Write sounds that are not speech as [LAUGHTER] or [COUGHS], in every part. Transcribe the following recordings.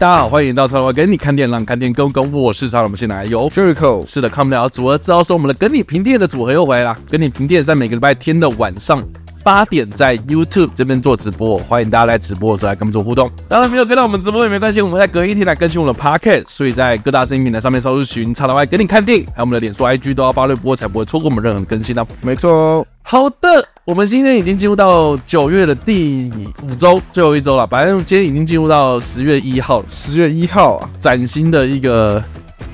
大家好，歡迎到《超話》，梗你看電影讓看電影更更，我是察我們先來游，有 Jericho。是的，看不了組合，主要是我們的梗你評電影的組合又回來了。梗你評電影，在每個禮拜天的晚上。八點在 YouTube 這邊做直播，歡迎大家來直播的時候來跟我們做互動。當然沒有跟到我們直播也沒關係，我們在隔一天來更新我們的 podcast，所以在各大聲音平台上面搜尋 “XXY” 給你看電影，還有我們的臉書 IG 都要發綠波，才不會錯過我們任何的更新呢、啊。沒錯、哦，好的，我們今天已經進入到九月的第五周最後一周了，反正今天已經進入到十月一號，十月一號啊，嶄新的一個。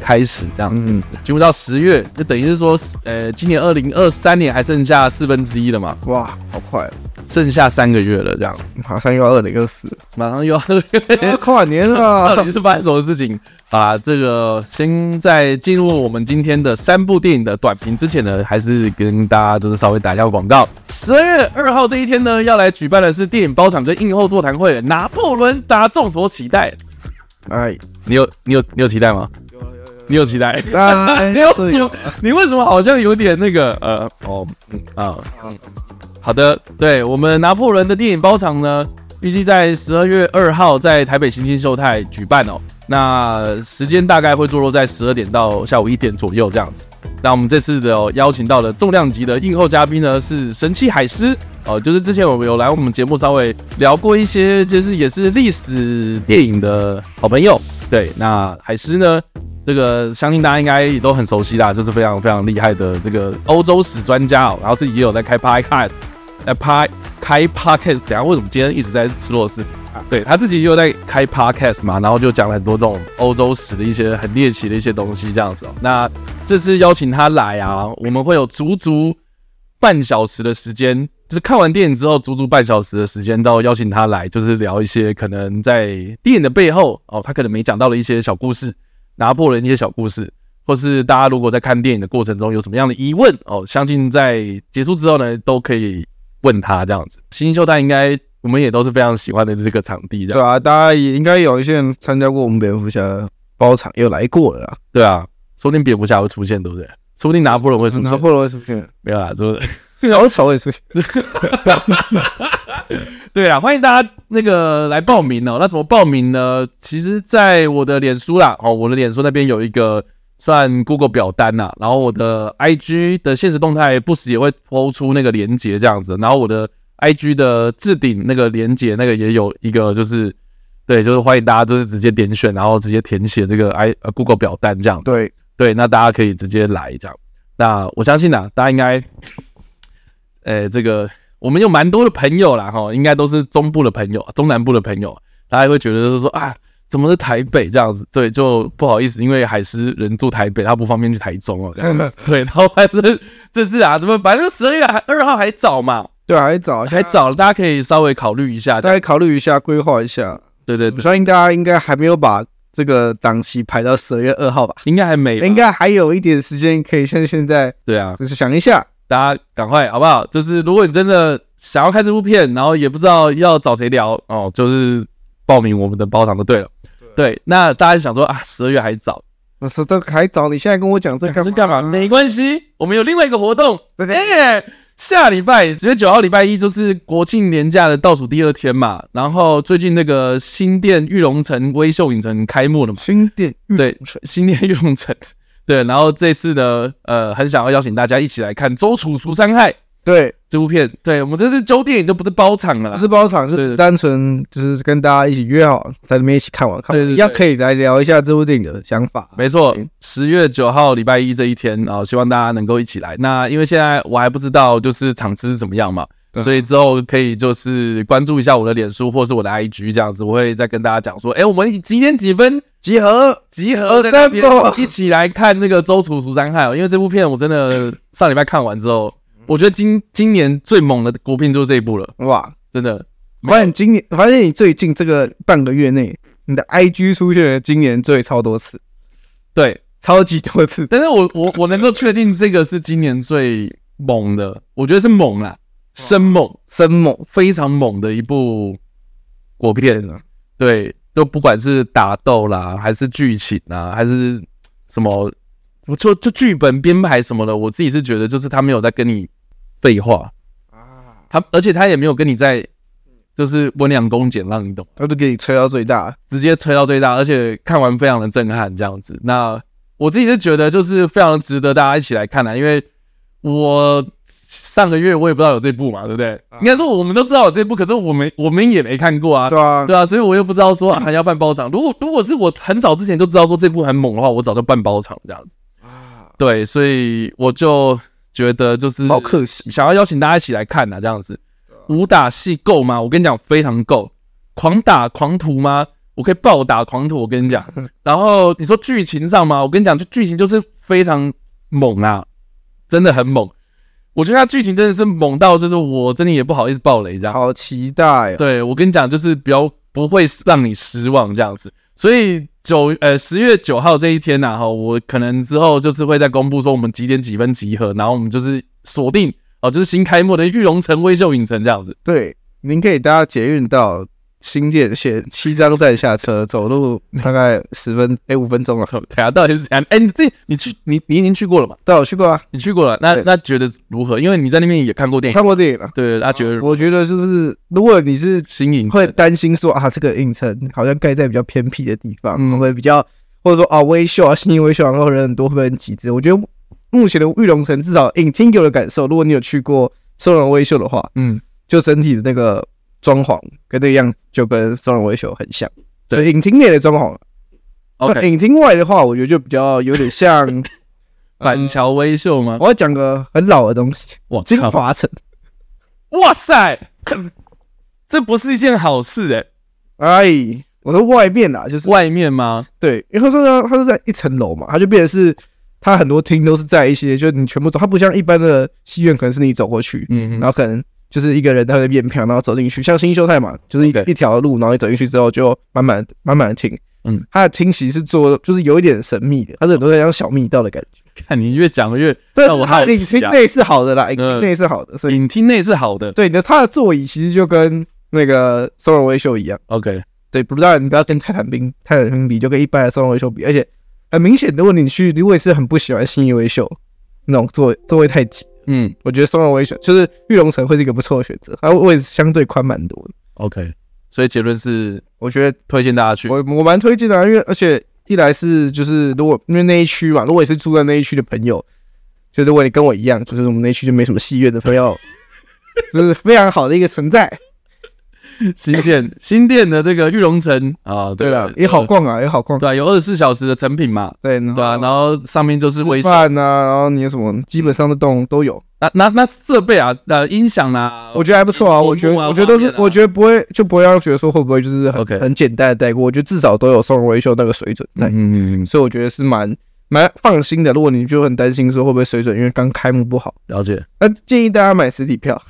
開始這樣子，進入到十月，就等於是說，呃、欸，今年二零二三年還剩下四分之一了嘛？哇，好快，剩下三個月了，這樣子，馬上又要二零二四，馬上又要二零二跨年了。到底是發生什麼事情？啊，這個先在進入我們今天的三部電影的短評之前呢，還是跟大家就是稍微打一下廣告。十二月二號這一天呢，要來舉辦的是電影包場的映後座談會，《拿破崙》大家眾所期待。哎 Bye.，你有你有你有期待嗎？你有期待？對 [LAUGHS] 你有對你為什麼好像有點那個呃？哦，嗯啊，嗯好的，對我們拿破崙的電影包場呢，預計在十二月二號在台北新星秀泰舉辦哦。那時間大概會坐落在十二點到下午一點左右這樣子。那我們這次的、哦、邀請到的重量級的映後嘉賓呢，是神奇海獅哦，就是之前我們有來我們節目稍微聊過一些，就是也是歷史電影的好朋友。對，那海獅呢？這個相信大家應該也都很熟悉啦，就是非常非常厲害的這個歐洲史專家哦，然後自己也有在開 podcast，在拍開 podcast。等下為什麼今天一直在吃螺絲？對，他自己又在開 podcast 嘛，然後就講了很多這種歐洲史的一些很獵奇的一些東西這樣子哦。那這次邀請他來啊，我們會有足足半小時的時間，就是看完電影之後，足足半小時的時間，到邀請他來，就是聊一些可能在電影的背後哦，他可能沒講到的一些小故事。拿破崙一些小故事，或是大家如果在看電影的過程中有什麼樣的疑問哦，相信在結束之後呢，都可以問他這樣子。新秀台應該我們也都是非常喜歡的這個場地，這樣對吧？對啊，大家也應該有一些人參加過我們蝙蝠俠包場，也有來過啊。對啊，說不定蝙蝠俠會出現，對不對？說不定拿破崙會出現，拿破崙會出現，沒有啦，就是。小丑也出現， [LAUGHS] [LAUGHS] 對啦，歡迎大家那個來報名哦、喔。那怎麼報名呢？其實，在我的臉書啦，哦，我的臉書那邊有一個算 Google 表單吶。然後我的 IG 的限時動態不時也會 PO 出那個連結這樣子。然後我的 IG 的置頂那個連結那個也有一個，就是對，就是歡迎大家就是直接點選，然後直接填寫這個 I Google 表單這樣子。對對，那大家可以直接來這樣。那我相信啊，大家應該。呃，欸、這個我們有蠻多的朋友啦，哈，應該都是中部的朋友、中南部的朋友，大家會覺得說啊，怎麼是台北這樣子？對，就不好意思，因為海獅人住台北，他不方便去台中哦。 [LAUGHS] 對，然後還是這是啊，怎麼反正十二月二號還早嘛？對，還早，還早，大家可以稍微考慮一,一下，大家考慮一下，規劃一下。對對，我相信大家應該還沒有把這個檔期排到十二月二號吧？應該還沒，應該還有一點時間可以像現在。對啊，就是想一下。大家趕快好不好？就是如果你真的想要看這部片，然後也不知道要找誰聊哦，就是報名我們的包場就對了。對、對，那大家想說啊，十二月還早，是都還早。你現在跟我講這、啊、講這幹嘛？沒關係，我們有另外一個活動。對對欸、下禮拜十月九號禮拜一就是國慶年假的倒數第二天嘛。然後最近那個新店玉龍城威秀影城開幕了嘛？新店玉龍城對，新店玉龍城。對，然後這次呢，呃，很想要邀請大家一起來看《周處除三害》對。對，這部片，對，我們這次周電影就不是包場了啦，不是包場，就是單純就是跟大家一起約好在那邊一起看我看。對，完對要可以來聊一下這部電影的想法。對沒錯，十對月九號禮拜一這一天啊、呃，希望大家能夠一起來。那因為現在我還不知道就是場次是怎麼樣嘛。所以之後可以就是關注一下我的臉書或是我的 IG 這樣子，我會再跟大家講說，誒，我們幾點幾分集合？集合，集合在那邊，一起來看那個《周處除三害、喔》哦。因為這部片我真的上禮拜看完之後，我覺得今今年最猛的國片就是這一部了。哇，真的！發現今年，發現你最近這個半個月內，你的 IG 出現了今年最超多次，對，超級多次。但是我我我能夠確定這個是今年最猛的，我覺得是猛啦。生猛、生猛、非常猛的一部國片啊！嗯、對，都不管是打鬥啦，還是劇情啊，還是什麼，我說就就劇本編排什麼的，我自己是覺得，就是他沒有在跟你廢話啊，他而且他也沒有跟你在，就是溫良恭儉讓你懂，他就給你吹到最大，直接吹到最大，而且看完非常的震撼，這樣子。那我自己是覺得，就是非常值得大家一起來看的、啊，因為我。上個月我也不知道有這部嘛，對不對？應該說我們都知道有這部，可是我沒，我們也沒看過啊，對啊，對啊，所以我又不知道說、啊、還要辦包場。如果如果是我很早之前就知道說這部很猛的話，我早就辦包場這樣子啊。對，所以我就覺得就是好客氣，想要邀請大家一起來看吶、啊，這樣子。武打戲夠嗎？我跟你講，非常夠，狂打狂徒嗎？我可以暴打狂徒，我跟你講。然後你說劇情上嗎？我跟你講，就劇情就是非常猛啊，真的很猛。我覺得它劇情真的是猛到，就是我真的也不好意思爆雷這樣。好期待、啊！對，我跟你講，就是比較不會讓你失望這樣子。所以九呃十月九號這一天呢、啊，哈，我可能之後就是會再公布說我們幾點幾分集合，然後我們就是鎖定哦、呃，就是新開幕的玉龍城威秀影城這樣子。對，您可以搭捷運到新店線七張站下車，走路大概十分哎、 [LAUGHS] 欸、五分鐘了。哎呀，到底是怎樣？哎、欸，你這你去你你已經去過了吧去過嗎？對，我去過啊。你去過了，那對那覺得如何？因為你在那邊也看過電影，看過電影了。對對他覺得、啊，我覺得就是如果你是星影，會擔心說啊，這個影城好像蓋在比較偏僻的地方，嗯，會比較或者說啊威秀啊信義威秀然後人很多會不會很擠？這，我覺得目前的裕隆城至少影廳，給我、欸、的感受。如果你有去過松仁威秀的話，嗯，就整體的那個。裝潢跟那個樣，就跟松隆，威秀很像。對，影廳內的裝潢，OK。影廳外的話，我覺得就比較有點像 [LAUGHS] 板橋威秀嘛。我要講個很老的東西，哇靠，京華城。哇塞，這不是一件好事哎、欸。哎，我說外面啊，就是外面嗎？對，因為他說他是在一層樓嘛，他就變成是他很多廳都是在一些，就是你全部走，他不像一般的戲院，可能是你走過去，嗯哼，然後可能。就是一個人他在變票，然後走進去，像新秀泰嘛，就是一 Okay. 一條路，然後你走進去之後就慢慢慢慢聽，嗯，他的聽席是做就是有一點神秘的，他這很多人講小密道的感覺。看你越講越，對我好奇。影廳內是好的啦，呃、影廳內是好的，所以影廳內是好的。對，那他的座椅其實就跟那個 solo 威秀一樣，OK，對，不知道，你不要跟泰坦兵泰坦兵比，就跟一般的 solo 威秀比，而且很明顯，如果你去，我也是很不喜歡信義威秀，那種座位座位太擠。嗯，我覺得雙安我也選，就是玉龍城會是一個不錯的選擇，它位置相對寬蠻多的 okay。OK，所以結論是，我覺得推薦大家去我。我我蠻推薦的，啊，因為而且一來是就是如果因為那一區嘛，如果也是住在那一區的朋友，就如果你跟我一樣，就是我們那一區就沒什麼戲院的朋友，就是非常好的一個存在。 [LAUGHS] [LAUGHS] 新店，新店的這個玉龍城啊，對了，也好逛啊，也好逛。對，有二十四小時的誠品嘛？對，對，然後上面就是維修呢，然後你有什麼，基本上的洞都有。那那那設備啊，呃，音響啊，我覺得還不錯啊。我覺得，我覺得都是，我覺得不會，就不會讓覺得說會不會就是很很簡單的帶過。我覺得至少都有送維修那個水準在。嗯嗯嗯。所以我覺得是蠻。蠻放心的，如果你就很擔心說會不會水準，因為剛開幕不好。了解，那、啊、建議大家買實體票。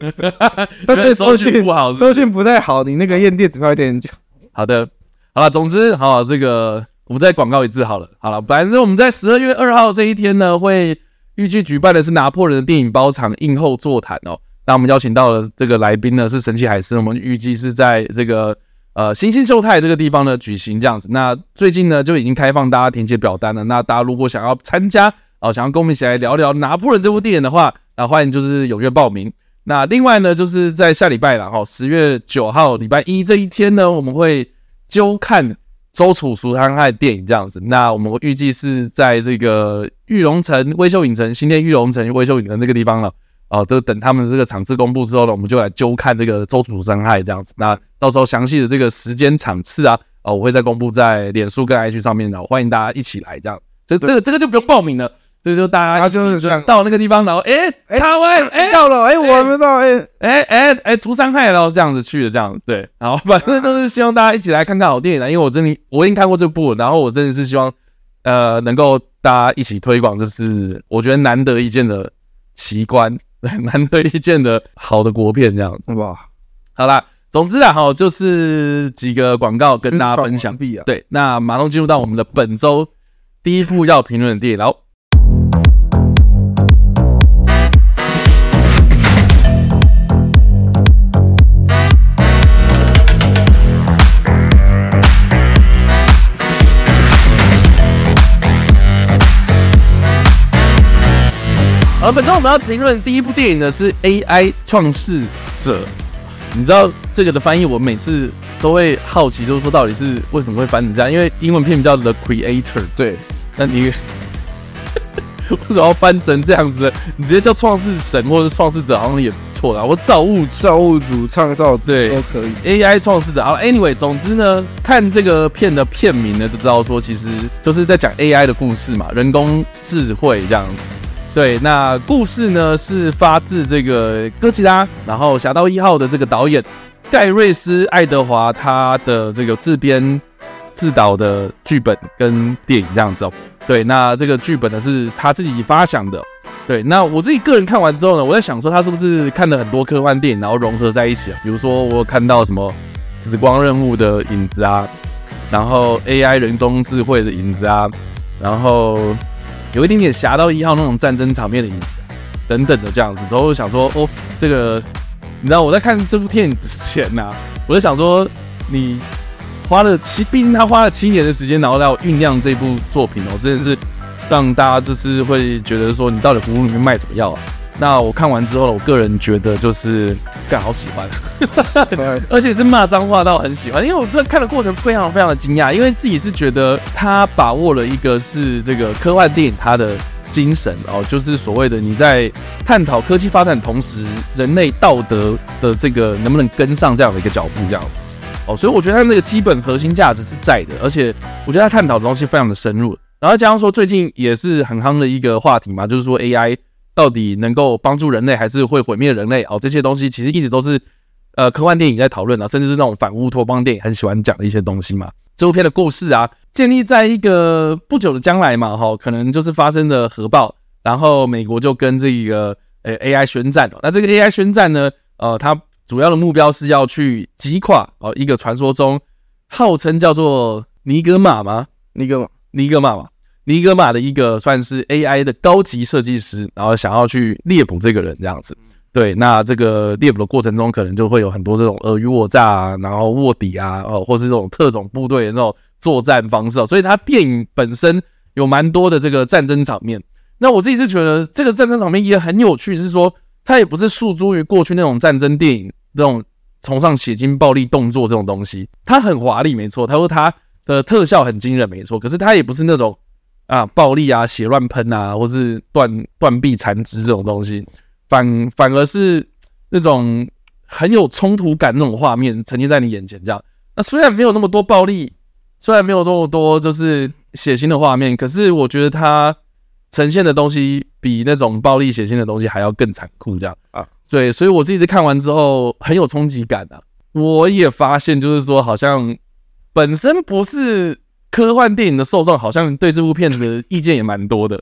哈哈哈哈收訊 [LAUGHS] 不好是不是，收訊不太好，你那個驗電子票有點久。好的，好了，總之，好、哦、這個，我們再廣告一次好了，好了，反正我們在十二月二號這一天呢，會預計舉辦的是《拿破崙》的電影包場映後座談哦。那我們邀請到了這個來賓呢，是神奇海獅，我們預計是在這個。呃，新星，星秀泰這個地方呢舉行這樣子，那最近呢就已經開放大家填寫表單了。那大家如果想要參加啊、呃，想要跟我們一起來聊聊《拿破崙》這部電影的話，那、呃、歡迎就是踴躍報名。那另外呢，就是在下禮拜了哈，十月九號禮拜一這一天呢，我們會揪看周處除三害電影這樣子。那我們預計是在這個玉龍城威秀影城、新店玉龍城威秀影城這個地方了。哦，就等他們這個場次公布之後呢，我們就來揪看這個周楚生害這樣子。那到時候詳細的這個時間場次啊，呃、哦，我會再公布在臉書跟 IG 上面的，然後歡迎大家一起來這樣。這這個對這個就不用報名了，這個、就大家他就是想就到那個地方，然後哎他插誒哎到了哎，欸欸、我還沒到哎哎哎哎出傷害了，這樣子去的這樣。對，然後反正都是希望大家一起來看看好電影、啊、因為我真的我已經看過這個部，然後我真的是希望呃能夠大家一起推廣，這、就是我覺得難得一見的奇觀。對難得一見的好的國片這樣子，哇！好啦，總之啊，齁就是幾個廣告跟大家分享，啊，對，那馬上進入到我們的本周第一部要評論的電影哇，地哇然後啊，本週我們要評論第一部電影呢，是 AI 創世者。你知道這個的翻譯，我每次都會好奇，就是說到底是為什麼會翻成這樣？因為英文片名叫 The Creator，對。那你 [LAUGHS] [LAUGHS] 為什麼要翻成這樣子呢？你直接叫創世神或者創世者好像也不錯啦，我造物、造物主、創造，對，都可以。AI 創世者。好 Anyway，總之呢，看這個片的片名呢，就知道說其實就是在講 AI 的故事嘛，人工智慧這樣子。對，那故事呢是發自這個哥吉拉，然後《俠盜一號》的這個導演蓋瑞斯·愛德華他的這個自編自導的劇本跟電影這樣子，哦。對，那這個劇本呢是他自己發想的。對，那我自己個人看完之後呢，我在想說他是不是看了很多科幻電影，然後融合在一起啊？比如說我有看到什麼紫光任務的影子啊，然後 AI 人中智慧的影子啊，然後。有一點點《俠盜一號》那種戰爭場面的影子等等的這樣子，然後我想說哦，這個你知道我在看這部電影之前呐，我就想說你花了七，畢竟他花了七年的時間，然後來醞釀這部作品哦，真的是讓大家就是會覺得說你到底葫蘆裡面賣什麼藥啊？那我看完之後，我個人覺得就是幹，好喜歡，對 [LAUGHS] 而且是罵髒話，倒很喜歡。因為我這看的過程非常非常的驚訝，因為自己是覺得他把握了一個是這個科幻電影它的精神哦，就是所謂的你在探討科技發展同時，人類道德的這個能不能跟上這樣的一個腳步這樣，哦，所以我覺得他那個基本核心價值是在的，而且我覺得他探討的東西非常的深入。然後加上說最近也是很夯的一個話題嘛，就是說 AI。到底能夠幫助人類還是會毀滅人類？哦，這些東西其實一直都是，呃，科幻電影在討論的，甚至是那種反烏托邦電影很喜歡講的一些東西嘛。這部片的故事啊，建立在一個不久的將來嘛，哈、哦，可能就是發生了核爆，然後美國就跟這個呃 AI 宣戰、哦、那這個 AI 宣戰呢，呃，它主要的目標是要去擊垮哦一個傳說中號稱叫做尼格瑪嗎？尼格瑪，尼格瑪嗎？尼格瑪的一個算是 AI 的高級設計師，然後想要去獵捕這個人，這樣子。對，那這個獵捕的過程中，可能就會有很多這種爾虞我詐啊，然後臥底啊，哦、喔，或是這種特種部隊的那種作戰方式、喔。所以，他電影本身有蠻多的這個戰爭場面。那我自己是覺得，這個戰爭場面也很有趣，是說他也不是訴諸於過去那種戰爭電影那種崇尚血腥、暴力、動作這種東西。他很華麗，沒錯，他說他的特效很驚人，沒錯，可是他也不是那種。啊，暴力啊，血亂噴啊，或是斷斷臂殘肢這種東西，反反而是那種很有衝突感那種畫面，呈現在你眼前這樣。那雖然沒有那麼多暴力，雖然沒有那麼多就是血腥的畫面，可是我覺得它呈現的東西比那種暴力血腥的東西還要更殘酷這樣啊。對，所以我自己看完之後很有衝擊感啊。我也發現就是說，好像本身不是。科幻電影的受眾好像對這部片子的意見也蠻多的，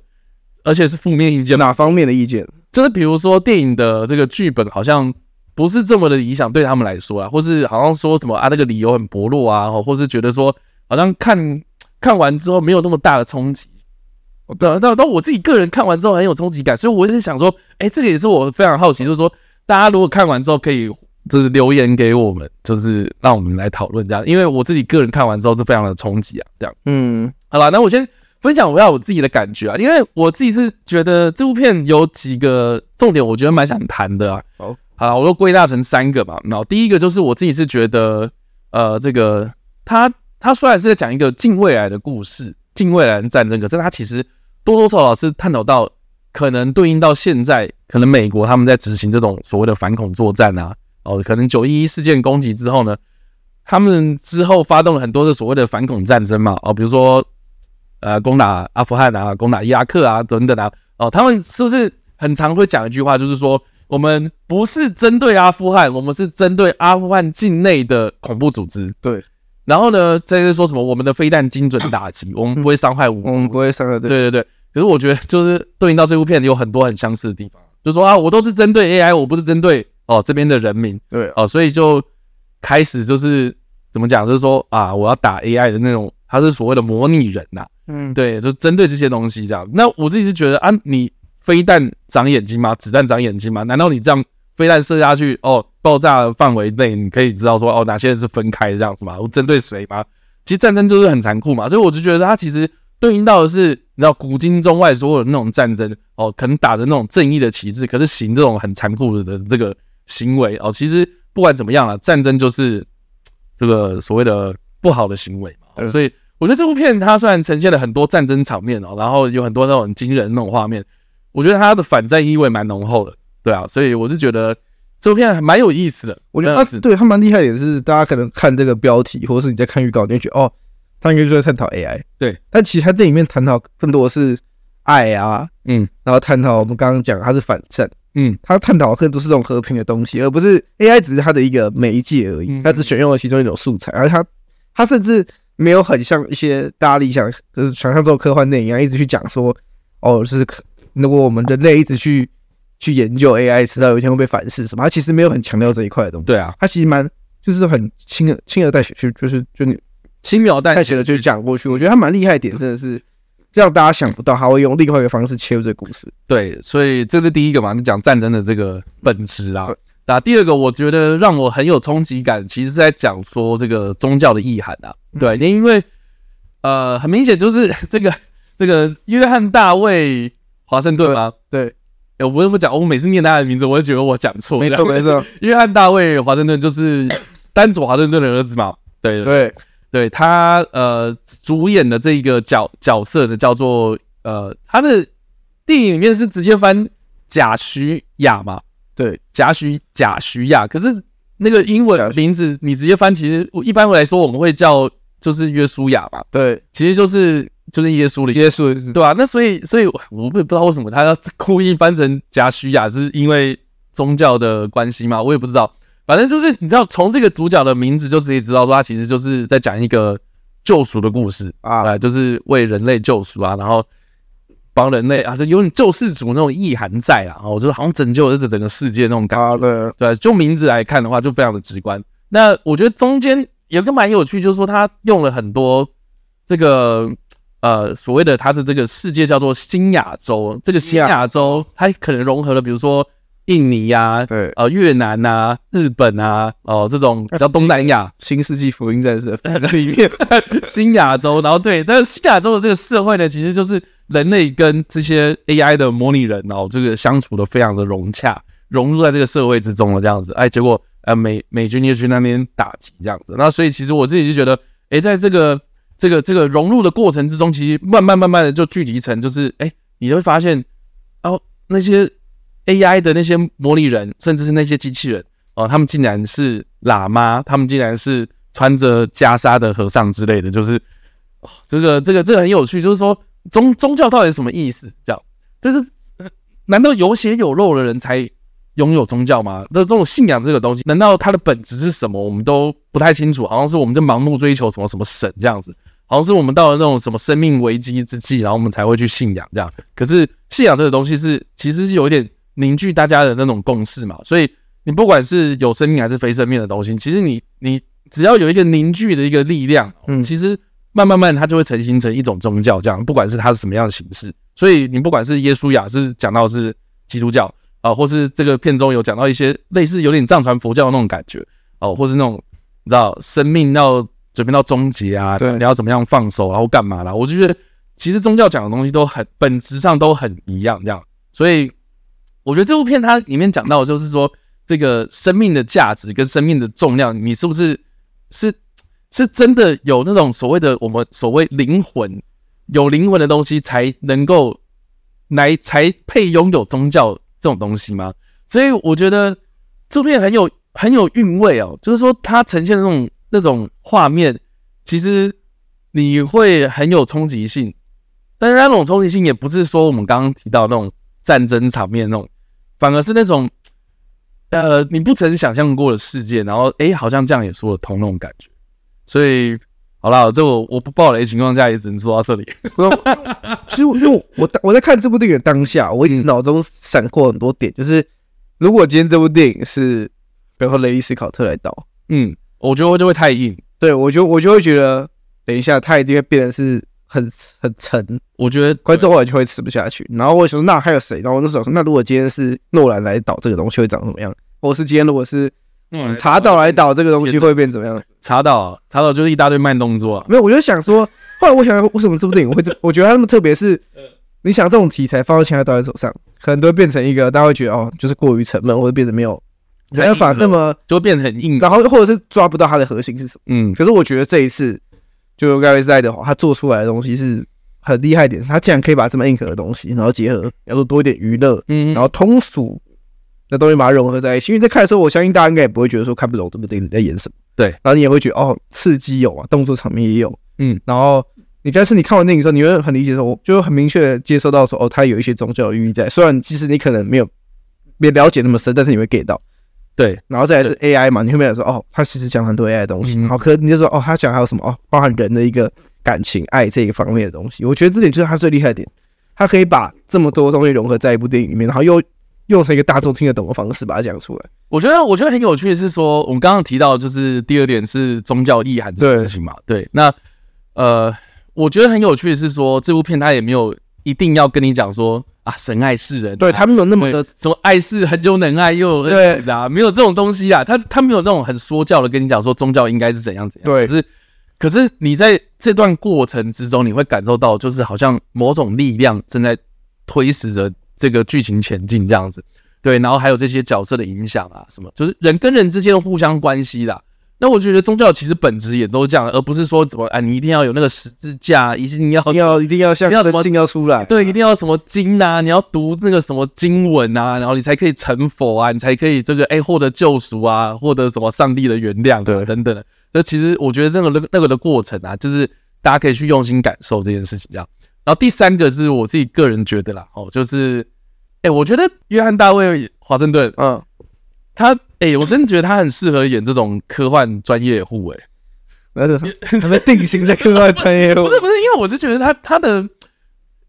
而且是負面意見。哪方面的意見？就是比如說電影的這個劇本好像不是這麼的理想，對他們來說啊，或是好像說什麼啊，那個理由很薄弱啊，或是覺得說好像看看完之後沒有那麼大的衝擊。對，但但我自己個人看完之後很有衝擊感，所以我一直想說，欸，這個也是我非常好奇，就是說大家如果看完之後可以。就是留言給我們，就是讓我們來討論這樣，因為我自己個人看完之後是非常的衝擊啊，這樣，嗯，好了，那我先分享我要我自己的感覺啊，因為我自己是覺得這部片有幾個重點，我覺得蠻想談的啊，好，好了，我都歸納成三個嘛，然後第一個就是我自己是覺得，呃，這個他他雖然是在講一個近未來的故事，近未來的戰爭，可是他其實多多少少是探討到可能對應到現在，可能美國他們在執行這種所謂的反恐作戰啊。哦，可能九一一事件攻擊之後呢，他們之後發動了很多的所謂的反恐戰爭嘛，哦，比如說，呃，攻打阿富汗啊，攻打伊拉克啊，等等啊，哦，他們是不是很常會講一句話，就是說我們不是針對阿富汗，我們是針對阿富汗境內的恐怖組織。對。然後呢，再是說什麼我們的飛彈精準打擊， [LAUGHS] 我們不會傷害無辜，我們不會傷害對、這個。對對對。可是我覺得就是對應到這部片有很多很相似的地方，就說啊，我都是針對 AI，我不是針對。哦，這邊的人民，對，哦，所以就開始就是怎麼講，就是說啊，我要打 AI 的那種，他是所謂的模擬人吶、啊，嗯，對，就針對這些東西這樣。那我自己是覺得啊，你飛彈長眼睛嗎？子彈長眼睛嗎？難道你這樣飛彈射下去哦，爆炸的範圍內你可以知道說哦，哪些人是分開這樣子嗎？我針對誰嗎？其實戰爭就是很殘酷嘛，所以我就覺得它其實對應到的是你知道古今中外所有的那種戰爭哦，可能打着那種正義的旗幟，可是行這種很殘酷的這個。行為哦，其實不管怎麼樣了，戰爭就是這個所謂的不好的行為嘛、哦。所以我覺得這部片它雖然呈現了很多戰爭場面哦，然後有很多那種很驚人的那種畫面，我覺得它的反戰意味蠻濃厚的。對啊，所以我是覺得這部片還蠻有意思的。我覺得它是、啊、對它蠻厲害的，也是大家可能看這個標題或者是你在看預告，你會覺得哦，它應該就是在探討 AI。對，但其實它這裡面探討更多的是愛啊，嗯，然後探討我們剛剛講它是反戰。嗯，他探討更多是這種和平的東西，而不是 A I 只是他的一個媒介而已。他只選用了其中一種素材，嗯，而他他甚至沒有很像一些大家理想就是想象中科幻電影一樣，一直去講說，哦，是可如果我們人類一直去去研究 A I，直到有一天會被反噬什麼？他其實沒有很強調這一塊的東西。對啊，他其實蠻就是很輕輕而，而淡寫就就是就輕描淡寫的就講過去。 [LAUGHS] 我覺得他蠻厲害一點，真的是。讓大家想不到他會用另外一個方式切入這個故事，對，所以這是第一個嘛，就講戰爭的這個本質對啊。那第二個，我覺得讓我很有衝擊感，其實是在講說這個宗教的意涵啊。嗯、對，因為呃，很明顯就是這個這個約翰·大衛·華盛頓嘛。對，對、欸，我不這麼講，我每次念大家的名字，我就覺得我講錯。沒錯沒錯， [LAUGHS] 約翰·大衛·華盛頓就是丹佐華盛頓的兒子嘛。對對，對。對對，他呃主演的這一個角角色的叫做呃，他的電影裡面是直接翻賈詡雅嘛？對，賈詡賈詡雅，可是那個英文名字你直接翻，其實我一般來說我們會叫就是約書亞嘛？對，其實就是就是耶穌的耶穌，對啊，那所以所以我不不知道為什麼他要故意翻成賈詡雅，是因為宗教的關係嗎？我也不知道。反正就是你知道，從這個主角的名字就直接知道說他其實就是在講一個救贖的故事啊，就是為人類救贖啊，然後幫人類啊，就有點救世主那種意涵在啦。啊，我覺得好像拯救了這整個世界那種感覺。啊、對，對，就名字來看的話就非常的直觀。那我覺得中間有個蠻有趣，就是說他用了很多這個呃所謂的他的這個世界叫做新亞洲，這個新亞洲它可能融合了比如說。印尼呀、啊，對，啊、呃、越南吶、啊，日本啊，哦、呃，這種叫東南亞，新世紀福音戰士裡面 [LAUGHS] 新亞洲，然後對，但是新亞洲的這個社會呢，其實就是人類跟這些 AI 的模擬人哦，這個相處的非常的融洽，融入在這個社會之中了，這樣子，哎，結果呃美美軍也去那邊打擊這樣子，那所以其實我自己就覺得，哎、欸，在這個這個這個融入的過程之中，其實慢慢慢慢的就聚集成就是，哎、欸，你就會發現，哦，那些。A.I. 的那些模擬人，甚至是那些機器人，哦，他們竟然是喇嘛，他們竟然是穿着袈裟的和尚之類的，就是，這個這個這個很有趣，就是說宗宗教到底是什麼意思？這樣，就是難道有血有肉的人才擁有宗教嗎？那這種信仰這個東西，難道它的本質是什麼？我們都不太清楚，好像是我們在盲目追求什麼什麼神這樣子，好像是我們到了那種什麼生命危機之際，然後我們才會去信仰這樣。可是信仰這個東西是其實是有一點。凝聚大家的那種共識嘛，所以你不管是有生命還是非生命的東西，其實你你只要有一個凝聚的一個力量，嗯，其實慢，慢慢慢它就會成形成一種宗教這樣，不管是它是什麼樣的形式。所以你不管是耶穌雅是講到是基督教啊、呃，或是這個片中有講到一些類似有點藏傳佛教的那種感覺哦、呃，或是那種你知道生命要準備到終結啊，對你要怎麼樣放手，然後幹嘛啦？我就覺得其實宗教講的東西都很本質上都很一樣這樣，所以。我覺得這部片它裡面講到，就是說這個生命的價值跟生命的重量，你是不是是是真的有那種所謂的我們所謂靈魂，有靈魂的東西才能夠來才配擁有宗教這種東西嗎？所以我覺得這部片很有很有韻味哦，就是說它呈現的那種那種畫面，其實你會很有衝擊性，但是那種衝擊性也不是說我們剛剛提到那種戰爭場面那種。反而是那種，呃，你不曾想象過的事件，然後哎、欸，好像這樣也說得通那種感覺。所以，好啦，這我我不爆雷的情況下，也只能說到這裡。不 [LAUGHS] [LAUGHS] 其實我，因為我我在看這部電影的當下，我已經腦中閃過很多點，嗯、就是如果今天這部電影是比如說雷利斯考特來導，嗯，我覺得就會太硬。對我就，就我就會覺得，等一下他一定會變成是。很很沉，我覺得觀眾後來就會吃不下去。然後我想說，那還有誰？然後我就想說，那如果今天是諾蘭來導這個東西，會長什麼樣？或是今天如果是查導、嗯、查導來導這個東西，會變怎麼樣？查導，查導就是一大堆慢動作啊。沒有，我就想說， [LAUGHS] 後來我想，為什麼這部電影我會？我覺得它那麼特別，是， [LAUGHS] 你想這種題材放到其他導演手上，可能都會變成一個大家會覺得哦，就是過於沉悶，或者變得沒有沒有法那麼，就會變得很硬。然後或者是抓不到它的核心是什麼？嗯，可是我覺得這一次。就蓋瑞斯愛德華的話，他做出來的東西是很厲害一點。他竟然可以把這麼硬核的東西，然後結合要做多一點娛樂，嗯，然後通俗那東西把它融合在一起。因為在看的時候，我相信大家應該也不會覺得說看不懂這部電影在演什麼，對。然後你也會覺得哦，刺激有啊，動作場面也有，嗯。然後你但是你看完電影之後，你會很理解說，我就很明確的接受到說，哦，它有一些宗教的寓意在。雖然其實你可能沒有別了解那麼深，但是你會 get 到。對，然後再來是 AI 嘛，你後面有說哦，他其實講很多 AI 的東西，好，可你就說哦，他講還有什麼哦，包含人的一個感情、愛這一個方面的東西。我覺得這點就是他最厲害的點，他可以把這麼多東西融合在一部電影裡面，然後又用，用成一個大眾聽得懂的方式把它講出來。我覺得，我覺得很有趣的是說，我們剛剛提到就是第二點是宗教意涵的事情嘛，對。那呃，我覺得很有趣的是說，這部片它也沒有一定要跟你講說。啊，神愛世人、啊，對，他沒有那麼的什麼，愛是恆久忍耐，又有恩慈啊，對啊，沒有這種東西啊，他他沒有那種很說教的跟你講說宗教應該是怎樣怎樣，對，可是可是你在這段過程之中，你會感受到就是好像某種力量正在推使着這個劇情前進這樣子，對，然後還有這些角色的影響啊，什麼就是人跟人之間的互相關係啦。那我覺得宗教其實本質也都是這樣，而不是說怎麼啊，你一定要有那個十字架，你你一定要要一定要像什麼經要出來，對，啊、一定要什麼經啊，你要讀那個什麼經文啊，然後你才可以成佛啊，你才可以這個哎獲、欸、得救贖啊，獲得什麼上帝的原諒，對，啊、等等的。那其實我覺得這個那個那個的過程啊，就是大家可以去用心感受這件事情這樣。然後第三個是我自己個人覺得啦，哦、喔，就是哎、欸，我覺得約翰大衛·大衛·華盛頓，嗯，他。哎，欸、我真的覺得他很適合演這種科幻專業戶哎，他在定型在科幻專業戶。不是不是，因為我是覺得他他的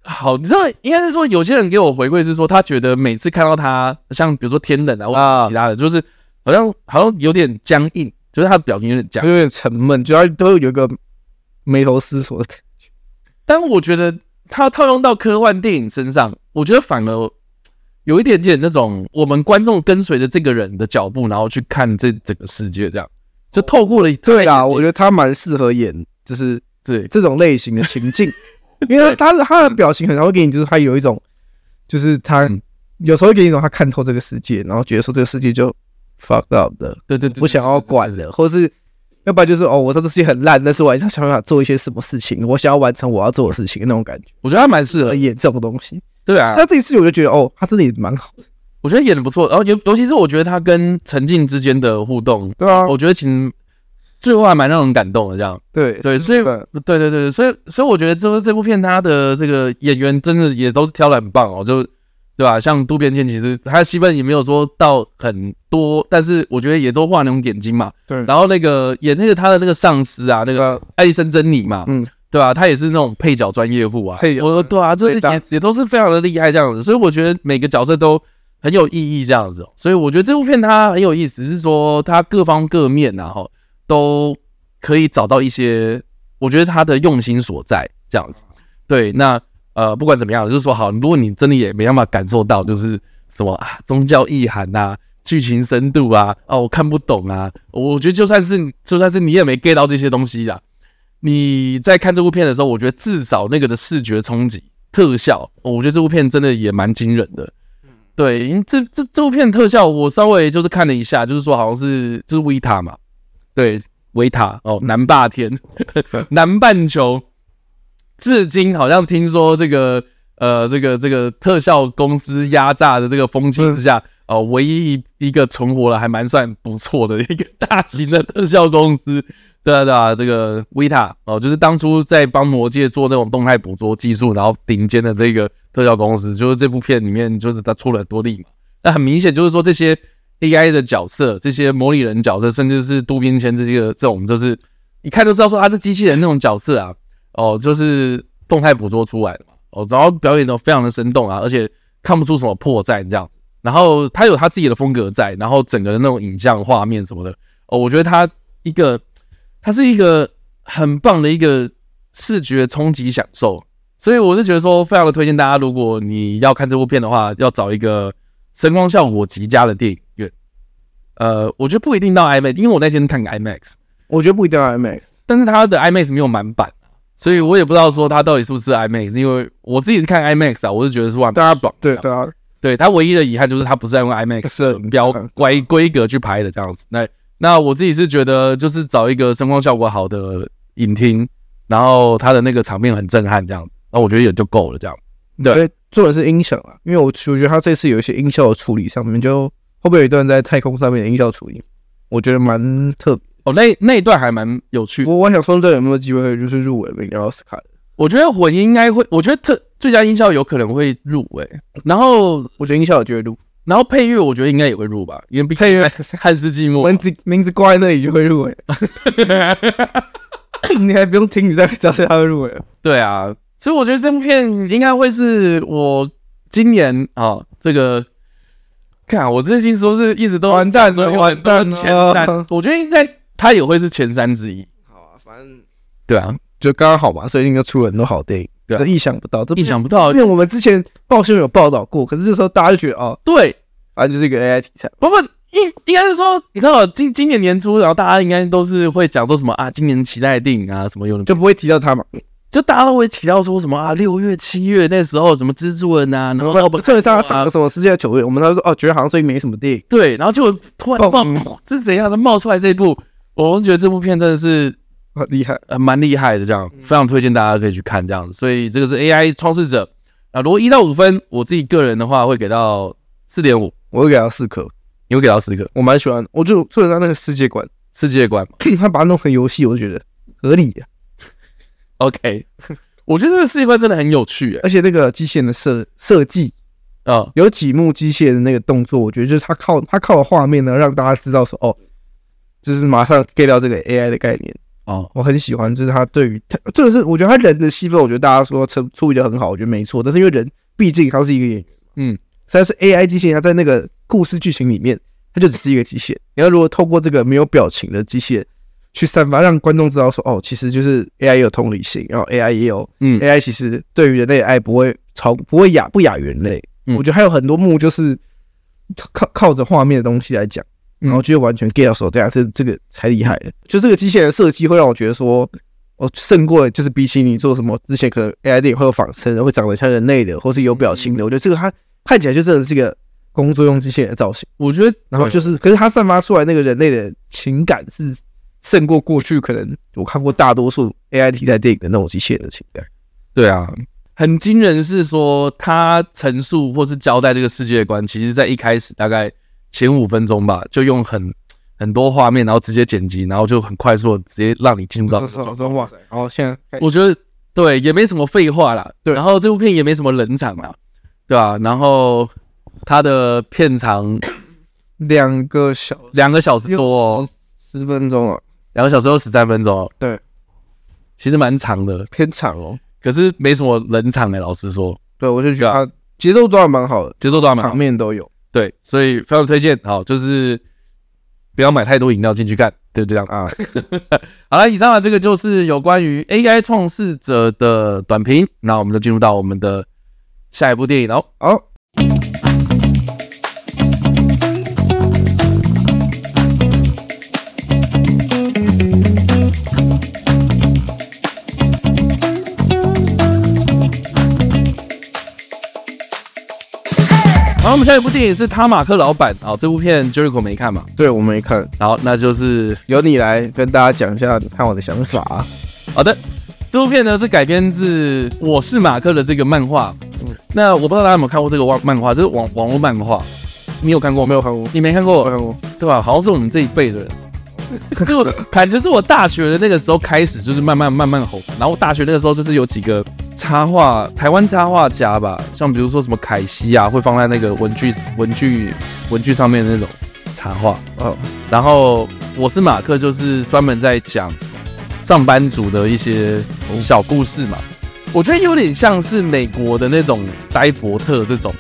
好，你知道應該是說有些人給我回饋是說他覺得每次看到他，像比如說天能啊或者其他的，就是好像好像有點僵硬，就是他的表情有點僵硬，有點沉悶，覺得都有一個眉頭思索的感覺。但我覺得他套用到科幻電影身上，我覺得反而。有一點點那種，我們觀眾跟隨着這個人的腳步，然後去看這整個世界，這樣就透過了一。一對啊，我覺得他蠻適合演，就是對這種類型的情境，對 因為他對 他的他，他的表情很，很常會給你就是他有一種，就是他、嗯、有時候會給你一種他看透這個世界，然後覺得說這個世界就 fuck up 的，對對對，對，不想要管了，或者是要不然就是哦，我說這世界很爛，但是我要想辦法做一些什麼事情，我想要完成我要做的事情那種感覺。我覺得他蠻適合演這種東西。對啊，他這一次我就覺得哦，他真的也蠻好的，我覺得演的不錯。然後尤尤其是我覺得他跟陳靜之間的互動，對啊，我覺得其實最後還蠻讓人感動的。這樣，對對，對，對對，所以對對對，所以所以我覺得就是這部片他的這個演員真的也都挑的很棒哦，就對吧，啊？像渡邊謙，其實他的戲份也沒有說到很多，但是我覺得也都畫龍點睛嘛。對，然後那個演那個他的那個上司啊，那個艾莉森珍妮嘛，嗯。對啊，他也是那種配角專業戶啊，配有 我說對啊，就是也也都是非常的厲害這樣子，所以我覺得每個角色都很有意義這樣子，哦。所以我覺得這部片它很有意思，是說它各方各面然後啊，都可以找到一些，我覺得它的用心所在這樣子。對，那呃不管怎麼樣，就是說好，如果你真的也沒辦法感受到，就是什麼啊宗教意涵吶、劇情深度啊，啊，哦我看不懂啊，我覺得就算是就算是你也沒 get 到這些東西啊。你在看這部片的時候，我覺得至少那個的視覺衝擊特效，哦，我覺得這部片真的也蠻驚人的。對，因為這這這部片特效，我稍微就是看了一下，就是說好像是就是維塔嘛，對，維塔哦，南霸天， [LAUGHS] 南半球，至今好像聽說這個呃這個這個特效公司壓榨的這個風氣之下，哦，唯一一個存活了還蠻算不錯的一個大型的特效公司。對啊對啊，這個維塔哦，就是當初在幫魔戒做那種動態捕捉技術，然後頂尖的這個特效公司，就是這部片裡面就是他出了很多力嘛。那很明顯就是說，這些 AI 的角色、這些模擬人角色，甚至是渡邊謙這些這種，就是一看就知道說他是機器人那種角色啊。哦，就是動態捕捉出來的嘛。哦，然後表演都非常的生動啊，而且看不出什麼破綻這樣子。然後他有他自己的風格在，然後整個的那種影像畫面什麼的，哦，我覺得他一個。它是一個很棒的一個視覺衝擊享受，所以我是覺得說，非常的推薦大家，如果你要看這部片的話，要找一個聲光效果極佳的電影院。呃，我覺得不一定到 IMAX，因為我那天是看個 IMAX，我覺得不一定到 IMAX，但是它的 IMAX 沒有滿版，所以我也不知道說它到底是不是 IMAX，因為我自己是看 IMAX 啊，我是覺得是哇家，版別家對對啊，對它唯一的遺憾就是它不是在用 IMAX 是標規規、嗯、格去拍的這樣子，那。那我自己是覺得，就是找一個聲光效果好的影廳，然後他的那個場面很震撼，這樣子，那我覺得也就夠了，這樣。對，重點是音響啊，因為我我覺得他這次有一些音效的處理上面，就後面有一段在太空上面的音效處理，我覺得蠻特別。哦，那那一段還蠻有趣。我我想說，這有沒有機會就是入圍那個奧斯卡？我覺得混音應該會，我覺得特最佳音效有可能會入圍，然後我覺得音效有機會入。然後配樂我覺得應該也會入吧，因為配樂《漢玉 [LAUGHS] 斯·季默，名字名字掛在那裡就會入哎、欸， [LAUGHS] [LAUGHS] 你還不用聽你在叫誰，他會入哎、欸。對啊，所以我覺得這部片應該會是我今年啊，這個看我最近說是一直都完蛋，所以完蛋前三，我覺得應該他也會是前三之一。好啊，反正對啊，就剛剛好吧，所以應該出了很多好的電影。對、啊，意想不到，這意想不到，因為我們之前報訊有報道過，可是這時候大家就覺得、哦、對啊，對，啊就是一個 AI 題材。不不，應應該是說，你知道，今今年年初，然後大家應該都是會講說什麼啊，今年期待的電影啊，什麼有的就不會提到它嘛，就大家都會提到說什麼啊，六月、七月那時候什麼蜘蛛人啊，然後、啊、我們特別是他啥什麼世界九月，我們他說哦、啊，覺得好像最近沒什麼電影。對，然後就突然爆爆、嗯、這是怎樣的冒出來這一部？我們覺得這部片真的是。很厲害，啊，呃，蠻厲害的這樣，非常推薦大家可以去看這樣子。所以這個是 AI 創世者啊。如果一到五分，我自己個人的話，會給到四點五，我會給到四顆。你會給到四顆？我蠻喜歡，我就做得到那個世界觀。世界觀，他把它弄成遊戲，我就覺得合理的、啊、OK，我覺得這個世界觀真的很有趣、欸，而且那個機械的設設計啊，有幾幕機械的那個動作，我覺得就是他靠他靠畫面呢，讓大家知道說哦，就是馬上 get 到這個 AI 的概念。哦，oh. 我很喜歡，就是他對於他這個是，我覺得他人的戲份，我覺得大家說成處理的很好，我覺得沒錯。但是因為人畢竟他是一個演員，嗯，但是 AI 機器人，他在那個故事劇情裡面，他就只是一個機械。你要如果透過這個沒有表情的機械去散發，讓觀眾知道說，哦，其實就是 AI 有同理心，然後 AI 也有，嗯，AI 其實對於人類的愛不會超不會亞不亞於人類。我覺得還有很多幕就是靠靠着畫面的東西來講。然後就完全 get 到手、啊，等下這這個太厲害了。就這個機器人設計會讓我覺得說，我勝過就是比起你做什麼之前可能 AI 電影會有仿生人會長得像人類的，或是有表情的。我覺得這個它看起來就真的是一個工作用機器人的造型。我覺得，然後就是，嗯、可是它散發出來那個人類的情感是勝過過去可能我看過大多數 AI 題材電影的那種機械人的情感。對啊，很驚人是說他陳述或是交代這個世界觀，其實在一開始大概。前五分鐘吧，就用很很多畫面，然後直接剪輯，然後就很快速的直接讓你進入到。哇塞！然後現在我覺得對，也沒什麼廢話啦。對。然後這部片也沒什麼冷場，對啊，對吧？然後它的片長兩個小時，兩個小時多，十分鐘啊，兩個小時又十三分鐘哦。對，其實蠻長的，片長哦。可是沒什麼冷場的、欸，老實說。對、啊，對啊、我就覺得節奏抓得蠻好的，節奏抓蠻好，場面都有。對，所以非常推薦，好，就是不要買太多飲料進去看，就這樣啊。 [LAUGHS] 好了，以上的、啊、這個就是有關於 AI 創世者的短評，那我們就進入到我們的下一部電影哦，好。然後我們下一部電影是《他馬克老闆》哦，這部片 Jericho、er、沒看嘛？對，我沒看。好，那就是由你來跟大家講一下看我的想法、啊、好的，這部片呢是改編自《我是馬克》的這個漫畫。嗯，那我不知道大家有沒有看過這個漫畫，就是網網絡漫畫。你有看過沒有看過，沒，看過沒有看過，你沒看過，我對吧、啊？好像是我們這一輩的人，感覺、 [LAUGHS] 就是我大學的那個時候開始，就是慢慢慢慢紅。然後我大學那個時候就是有幾個。插畫，台灣插畫家吧，像比如說什麼凱西啊，會放在那個文具、文具、文具上面的那種插畫，嗯。Oh. 然後我是馬克，就是專門在講上班族的一些小故事嘛。Oh. 我覺得有點像是美國的那種呆伯特這種，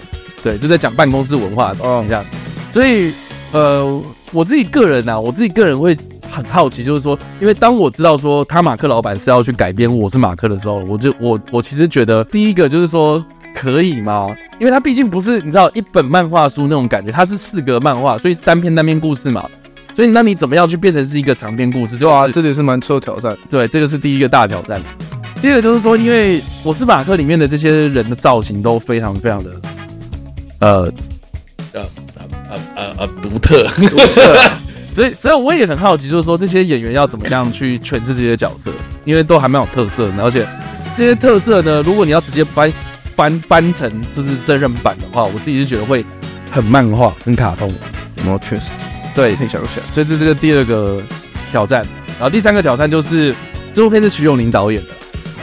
對，就在講辦公室文化這樣。Oh. 所以，呃，我自己個人啊，我自己個人會。很好奇，就是說，因為當我知道說他馬克老闆是要去改編《我是馬克》的時候，我就我我其實覺得，第一個就是說，可以嗎？因為他畢竟不是你知道一本漫畫書那種感覺，它是四格漫畫，所以單篇單篇故事嘛，所以那你怎麼樣去變成是一個長篇故事？就啊，這裡是蠻受挑戰。對，這個是第一個大挑戰。第二個就是說，因為《我是馬克》裡面的這些人的造型都非常非常的，呃呃呃呃呃獨特。 [LAUGHS] 所以，所以我也很好奇，就是說，這些演員要怎麼樣去詮釋這些角色，因為都還蠻有特色的。而且這些特色呢，如果你要直接搬搬搬成就是真人版的話，我自己是覺得會很漫畫、很卡通。然後確實，對，可以想象。所以這是這個第二個挑戰。然後第三個挑戰就是，這部片是瞿友寧導演的。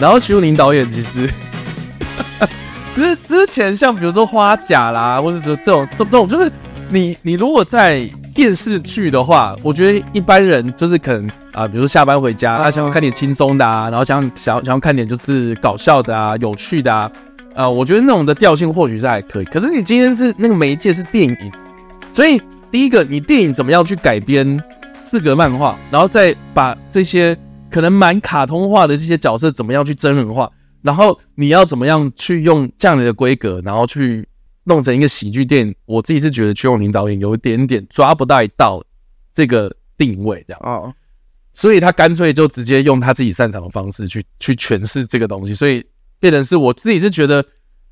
然後瞿友寧導演其實， [LAUGHS] 之之前像比如說花甲啦，或者這這種這種就是你你如果在。電視劇的話，我覺得一般人就是可能啊、呃，比如說下班回家，啊想要看點輕鬆的啊，然後想想想要看點就是搞笑的啊、有趣的啊，啊、呃，我覺得那種的調性或許是還可以。可是你今天是那個媒介是電影，所以第一個，你電影怎麼樣去改編四格漫畫，然後再把這些可能蠻卡通化的這些角色怎麼樣去真人化，然後你要怎麼樣去用這樣的一個規格，然後去。弄成一個喜劇電影，我自己是覺得瞿友寧導演有一點點抓不太到這個定位，這樣啊，oh. 所以他乾脆就直接用他自己擅長的方式去去詮釋這個東西，所以變成是我自己是覺得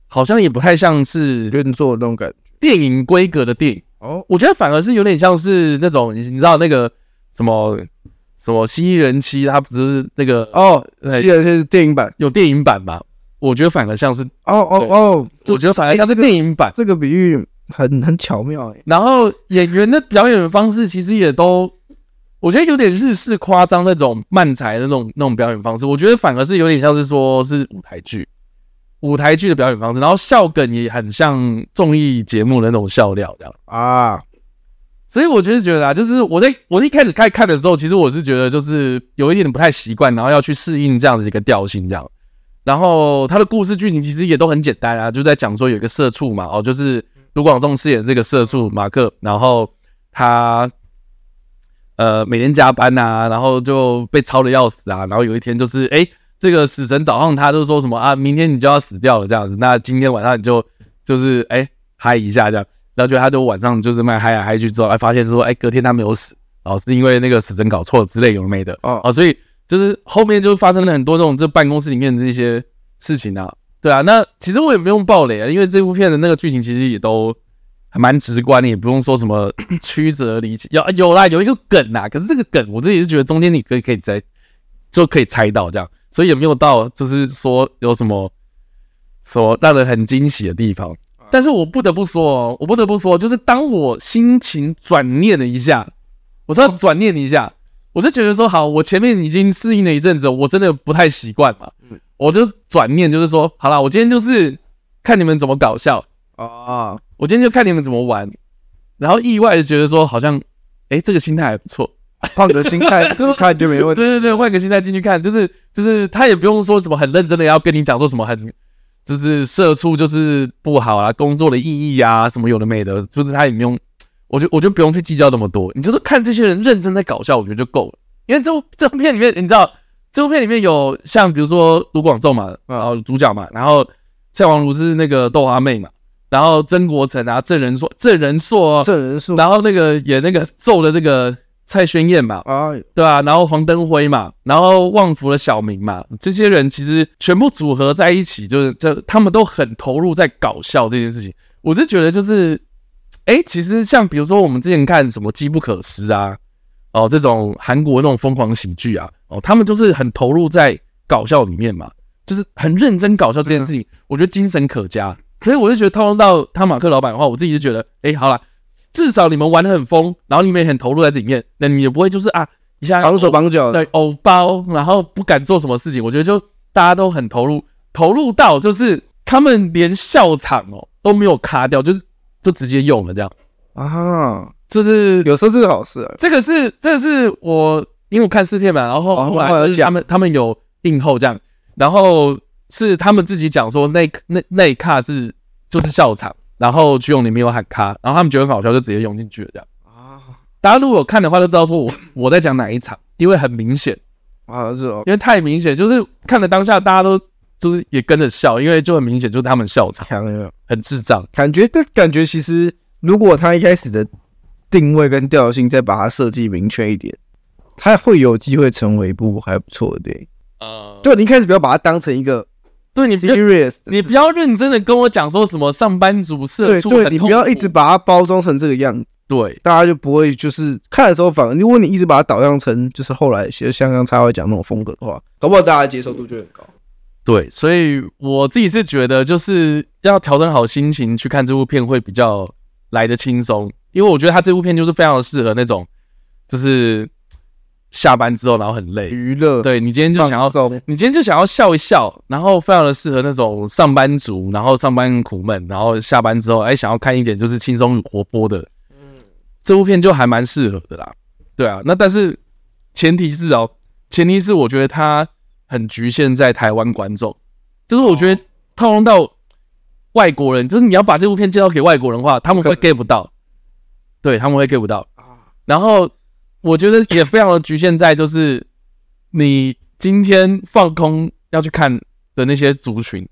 好像也不太像是認作那個電影規格的電影哦，我覺得反而是有點像是那種你知道那個什麼什麼犀利人妻，他不是那個哦，犀利人妻是電影版，有電影版嗎？我覺得反而像是哦哦哦，我覺得反而像是電影版。這個比喻很很巧妙哎。然後演員的表演方式其實也都，我覺得有點日式誇張那種漫才的那種那種表演方式。我覺得反而是有點像是說是舞台劇，舞台劇的表演方式。然後笑梗也很像綜藝節目的那種笑料這樣啊。所以我是覺得啊，就是我在我在一開始開始看的時候，其實我是覺得就是有一點點不太習慣，然後要去適應這樣子一個調性這樣。然後他的故事劇情其實也都很簡單啊，就在講說有一個社畜嘛，哦，就是盧廣仲飾演這個社畜馬克，然後他呃每天加班吶、啊，然後就被操的要死啊，然後有一天就是哎這個死神找上他，就說什麼啊明天你就要死掉了這樣子，那今天晚上你就就是哎嗨一下這樣，然後就他就晚上就是賣嗨來嗨去之後，哎發現說哎隔天他沒有死，哦是因為那個死神搞錯之類有沒的哦，所以。就是後面就發生了很多這種這辦公室裡面的這些事情啊，對啊，那其實我也不用暴雷啊，因為這部片的那個劇情其實也都還蠻直觀的，也不用說什麼 [COUGHS] 曲折離奇，有有啦，有一個梗啊，可是這個梗我自己是覺得中間你可以可以猜。就可以猜到這樣，所以也沒有到就是說有什麼說讓人很驚喜的地方，但是我不得不說哦，我不得不說，就是當我心情轉念了一下，我是要轉念一下。我就覺得說好，我前面已經適應了一陣子，我真的不太習慣嘛。我就轉念就是說，好了，我今天就是看你們怎麼搞笑啊，我今天就看你們怎麼玩。然後意外的覺得說，好像哎、欸，這個心態還不錯，換個心態看就沒問題。對對對，換個心態進去看，就是就是他也不用說什麼很認真的要跟你講說什麼很，就是社畜就是不好啊，工作的意義啊什麼有的沒的，就是他也不用。我就我就不用去計較那麼多，你就是看這些人認真在搞笑，我覺得就夠了。因為這部這部片裡面，你知道，這部片裡面有像比如說盧廣仲嘛，啊、嗯、主角嘛，然後蔡黃汝是那個豆花妹嘛，然後曾國城啊，鄭人碩，鄭人碩，鄭人碩，然後那個演那個揍的這個蔡亘晏嘛，啊，對吧、啊？然後黃鐙輝嘛，然後旺福的小明嘛，這些人其實全部組合在一起，就是他們都很投入在搞笑這件事情，我是覺得就是。哎、欸，其實像比如說我們之前看什麼《機不可失》啊，哦，這種韓國的那種瘋狂喜劇啊，哦，他們就是很投入在搞笑裡面嘛，就是很認真搞笑這件事情，嗯啊、我覺得精神可嘉。所以我就覺得套用到他馬克老闆的話，我自己就覺得，哎、欸，好了，至少你們玩得很瘋，然後你們也很投入在裡面，那你也不會就是啊一下綁手綁腳，對，偶包，然後不敢做什麼事情。我覺得就大家都很投入，投入到就是他們連笑場哦都沒有卡掉，就是。就直接用了這樣啊哈，就是，是有時候是好事，欸。這個是，這個是我因為我看試片嘛，然後後來是他們、啊、他、們來他們有映後這樣，然後是他們自己講說那那那、那一咖是就是笑場，然後瞿友寧裡面有喊卡，然後他們覺得很好笑，就直接用進去了這樣啊。大家如果有看的話就知道說我我在講哪一場，因為很明顯啊，就是哦，因為太明顯，就是看了當下大家都。就是也跟着笑，因為就很明顯，就是他們笑場，很智障感覺。但感覺其實，如果他一開始的定位跟調性再把它設計明確一點，他會有機會成為一部還不錯的電影。啊，對，呃、就你一開始不要把它當成一個對你 serious 你不要認真的跟我講說什麼上班族社畜，你不要一直把它包裝成這個樣子，對大家就不會就是看的時候反而，如果你一直把它導向成就是後來其實像剛才會講那種風格的話，搞不好大家接受度就很高。對，所以我自己是覺得，就是要調整好心情去看這部片，會比較來得輕鬆。因為我覺得他這部片就是非常的適合那種，就是下班之後，然後很累，娛樂。對，你今天就想要，你今天就想要笑一笑，然後非常的適合那種上班族，然後上班苦悶，然後下班之後，哎，想要看一點就是輕鬆活潑的。嗯，這部片就還蠻適合的啦。對啊，那但是前提是哦，前提是我覺得他。很局限在台灣觀眾，就是我覺得套用到外國人，就是你要把這部片介紹給外國人的話，他們會 get 不到，對，他們會 get 不到。然後我覺得也非常的局限在，就是你今天放空要去看的那些族群，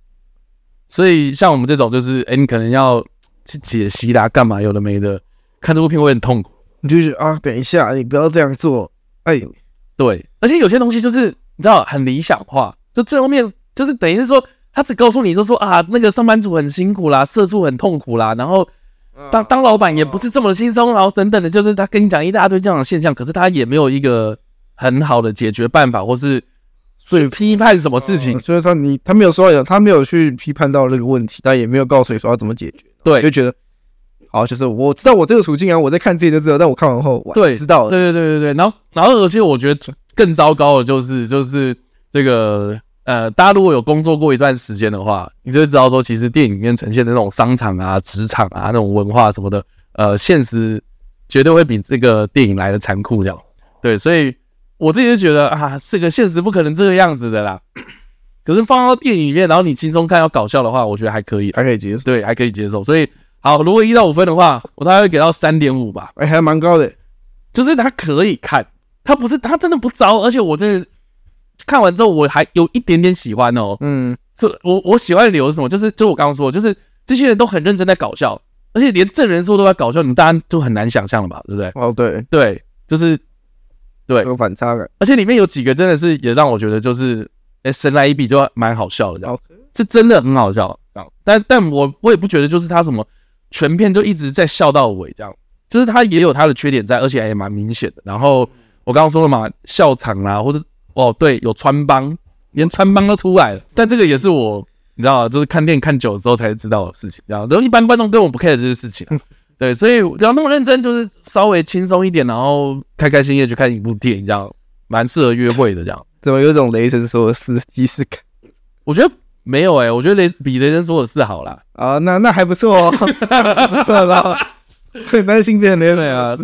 所以像我們這種，就是哎、欸，你可能要去解析啦，幹嘛有的沒的，看這部片會很痛苦，你就覺得啊，等一下你不要這樣做，哎，對，而且有些東西就是。你知道很理想化，就最後面就是等於是說，他只告訴你說說啊，那個上班族很辛苦啦，社畜很痛苦啦，然後當當老闆也不是這麼輕鬆，然後等等的，就是他跟你講一大堆這樣的現象，可是他也沒有一個很好的解決辦法，或是去批判什麼事情，所以，呃就是，他你他沒有說他沒有去批判到那個問題，但也沒有告訴你說要怎麼解決，對，就覺得好，就是我知道我這個處境啊，我在看自己就知道，但我看完後，對，知道了，對對對對對，然後然後而且我覺得。 [LAUGHS] 更糟糕的，就是就是這個呃，大家如果有工作過一段時間的話，你就會知道說，其實電影裡面呈現的那種商場啊、職場啊那種文化什麼的，呃，現實絕對會比這個電影來的殘酷。這樣，對，所以我自己就覺得啊，這個現實不可能這個樣子的啦。可是放到電影裡面，然後你輕鬆看要搞笑的話，我覺得還可以，還可以接受，對，還可以接受。所以好，如果一到五分的話，我大概會給到三點五吧。哎，還蠻高的，就是它可以看。他不是，他真的不糟，而且我真的看完之後，我還有一點點喜歡哦。嗯，這我我喜歡的理由是什麼？就是就我剛剛說的，就是這些人都很認真在搞笑，而且連證人說都在搞笑，你們大家都很難想象了吧？對不對？哦，對對，就是對有反差感，而且裡面有幾個真的是也讓我覺得就是，哎、欸，神來一筆就蠻好笑的這樣，好是真的很好笑的，但但我我也不覺得就是他什麼全片就一直在笑到尾這樣，就是他也有他的缺點在，而且還蠻明顯的。然後。我剛剛說了嘛，笑場啦，或者哦對，有穿幫，連穿幫都出來了。但這個也是我，你知道，啊，就是看電影看久了之後才知道的事情，這樣。然後一般觀眾跟我不 care 這些事情，啊、嗯、對，所以不要那麼認真，就是稍微輕鬆一點，然後開開心心去看一部電影，這樣蠻適合約會的，這樣。怎麼有種雷神索爾4儀式感？我覺得沒有哎、欸，我覺得雷比雷神索爾4好啦。啊、哦，那那還不錯哦，知道很擔心變臉了啊。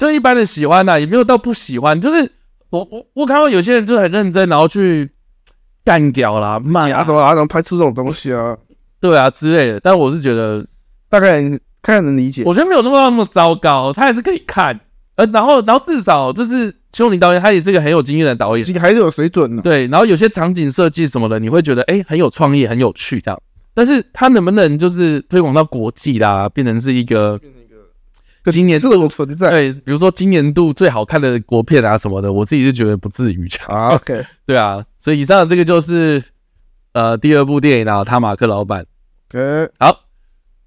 就一般的喜歡吶、啊，也沒有到不喜歡。就是我我我看到有些人就很認真，然後去幹掉啦，罵啊什麼啊，然後拍出這種東西啊，對啊之類的。但我是覺得大概看看能理解，我覺得沒有那麼那麼糟糕，他還是可以看。呃，然後然後至少就是瞿友寧導演，他也是個很有經驗的導演，其實還是有水準的、啊。對，然後有些場景設計什麼的，你會覺得哎、欸、很有創意，很有趣這樣。但是他能不能就是推廣到國際啦，變成是一個？今年這種存在，對，比如說今年度最好看的國片啊什麼的，我自己是覺得不至於差。啊、OK，對啊，所以以上的這個就是呃第二部電影啊，他馬克老板。OK，好，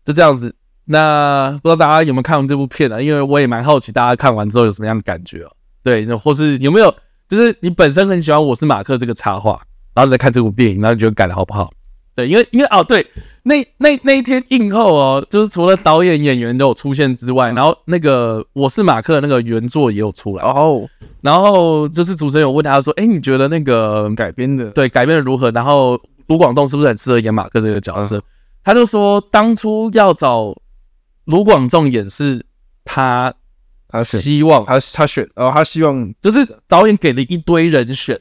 就這樣子。那不知道大家有沒有看完這部片呢、啊？因為我也蠻好奇大家看完之後有什麼樣的感覺哦、啊。對，或是有沒有就是你本身很喜歡《我是馬克》這個插畫，然後你在看這部電影，然後你覺得改的好不好？對，因為因為哦，對，那那那一天映後哦，就是除了導演演員都有出現之外，嗯、然後那個我是馬克的那個原作也有出來，然後、哦、然後就是主持人有問他說：“哎，你覺得那個改編的對改編的如何？”然後盧廣仲是不是很適合演馬克這個角色？嗯、他就說：“當初要找盧廣仲演是他，他是，他希望他他選哦，他希望就是導演給了一堆人選，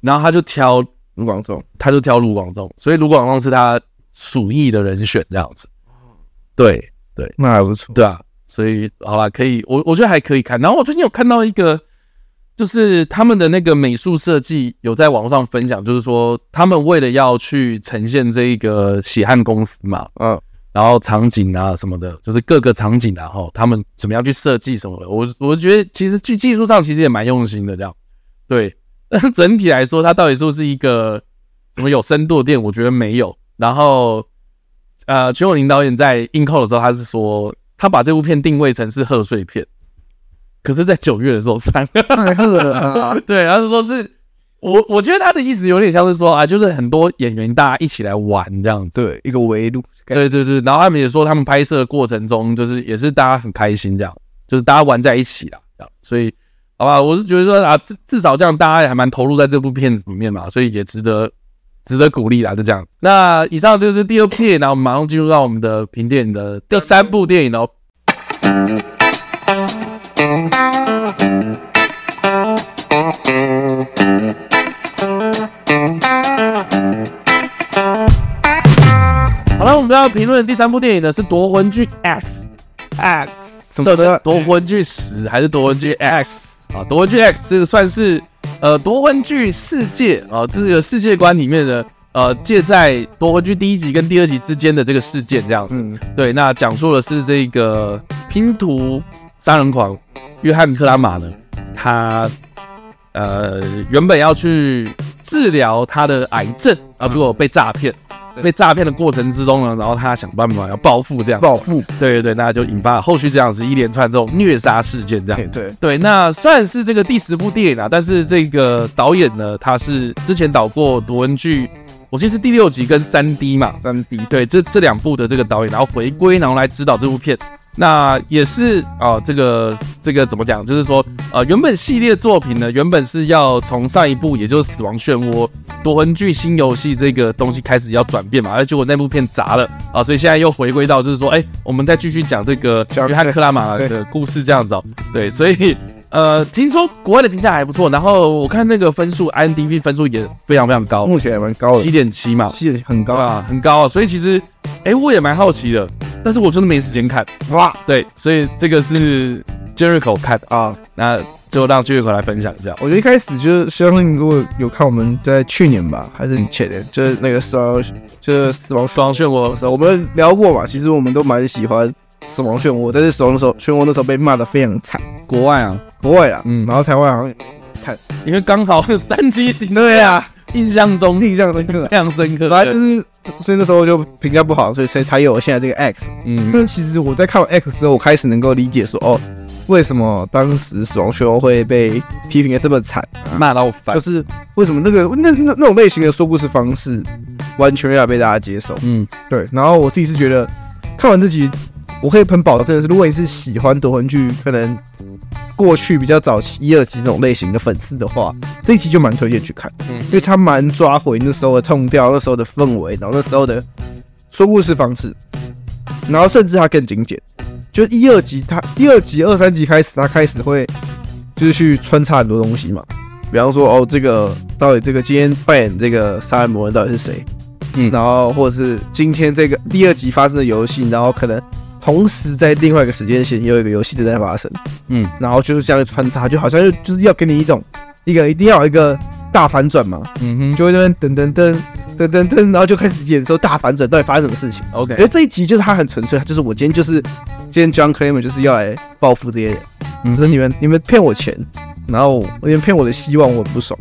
然後他就挑。”盧廣仲，他就挑盧廣仲，所以盧廣仲是他屬意的人選，這樣子。哦，對對，那還不錯。對啊，所以好啦，可以，我我覺得還可以看。然後我最近有看到一個，就是他們的那個美術設計有在網上分享，就是說他們為了要去呈現這一個血汗公司嘛，嗯，然後場景啊什麼的，就是各個場景、啊，然後他們怎麼樣去設計什麼的，我我覺得其實技技術上其實也蠻用心的，這樣，對。但整體來說，它到底是不是一個什麼有深度的電影？我覺得沒有。然後，呃，瞿友寧導演在映後的時候，他是說他把這部片定位成是賀歲片，可是，在九月的時候，三賀了、啊。 [LAUGHS] 對，他是說是我，我覺得他的意思有點像是說啊，就是很多演員大家一起來玩這樣，對一個圍爐。對對對，然後他們也說，他們拍攝過程中就是也是大家很開心這樣，就是大家玩在一起了這樣，所以。好吧，我是覺得說啊，至至少這樣大家也還蠻投入在這部片子裡面嘛，所以也值得值得鼓勵啦，就這樣。那以上就是第二片啊，然後馬上進入到我們的評電影的第三部電影哦。好了，我們要評論的第三部電影呢是《奪魂鋸 X X》。奪奪奪魂鋸十還是奪魂鋸 X 啊？奪魂鋸 X 這個算是呃奪魂鋸世界啊，這個世界觀裡面的呃介在奪魂鋸第一集跟第二集之間的這個事件這樣子。嗯、對，那講述的是這個拼圖殺人狂約翰克拉瑪呢，他呃原本要去治療他的癌症啊，結果被詐騙。嗯對 被詐騙的過程之中呢，然後他想辦法要報復，這樣報復，對對對，那就引發了後續這樣子一連串這種虐殺事件，這樣對對。那算是這個第十部電影啊，但是這個導演呢，他是之前導過《奪魂鋸》，我記得是第六集跟三 D 嘛，三 D 對這這兩部的這個導演，然後回歸，然後來指導這部片，那也是啊這個。這個怎麼講？就是說，呃，原本系列作品呢，原本是要從上一部，也就是《死亡漩渦：奪魂鋸新遊戲》這個東西開始要轉變嘛，結果那部片砸了啊，所以現在又回歸到，就是說，哎、欸，我們再繼續講這個約翰·克拉瑪的故事這樣子哦，對，所以。呃，聽說國外的評價還不錯，然後我看那個分數 IMDb 分數也非常非常高，目前也蠻高的，七點七嘛，七點七很高啊，很高。啊，所以其實，哎、欸，我也蠻好奇的，但是我真的沒時間看。哇，對，所以這個是 Jericho 看的啊，那就讓 Jericho 來分享一下。我覺得一開始就是相信，如果有看我們在去年吧，還是很前年，就是那個雙，就，雙就是死亡雙漩渦的時候，我們聊過嘛，其實我們都蠻喜歡。死亡漩渦，在這死亡的時候，漩渦那時候被罵的非常慘，國外啊，國外啊，嗯，然後台灣好像，看，因為剛好三七進對呀、啊，印象中印象深刻非常深刻，印象深刻，本來就是，所以那時候就評價不好，所以才才有我現在這個 X。嗯，那其實我在看完 X 之後，我開始能夠理解說，哦，為什麼當時死亡漩渦會被批評的這麼慘，罵、啊、到我煩，就是為什麼那個那那那種類型的說故事方式完全沒被大家接受。嗯，對，然後我自己是覺得看完這集。我可以很保證的是，如果你是喜歡奪魂鋸，可能過去比較早期一、二集那種類型的粉絲的話，這一期就蠻推薦去看，因為他蠻抓回那時候的痛調，那時候的氛圍，然後那時候的說故事方式，然後甚至它更精簡，就一、二集他，它一、二集、二、三集開始，它開始會就是去穿插很多東西嘛，比方說哦，這個到底這個今天扮演這個殺人魔人到底是誰，嗯，然後或者是今天這個第二集發生的遊戲，然後可能。同時，在另外一個時間線也有一個遊戲正在發生，嗯，然後就是這樣的穿插，就好像就就是要給你一種一個一定要有一個大反轉嘛，嗯哼，就會在那邊噔噔噔噔噔噔，然後就開始演說大反轉到底發生什麼事情。OK，覺得這一集就是它很純粹，就是我今天就是今天 John Kramer 就是要來報復這些人，嗯哼，就是你們你們騙我錢，然後你們騙我的希望我很不爽。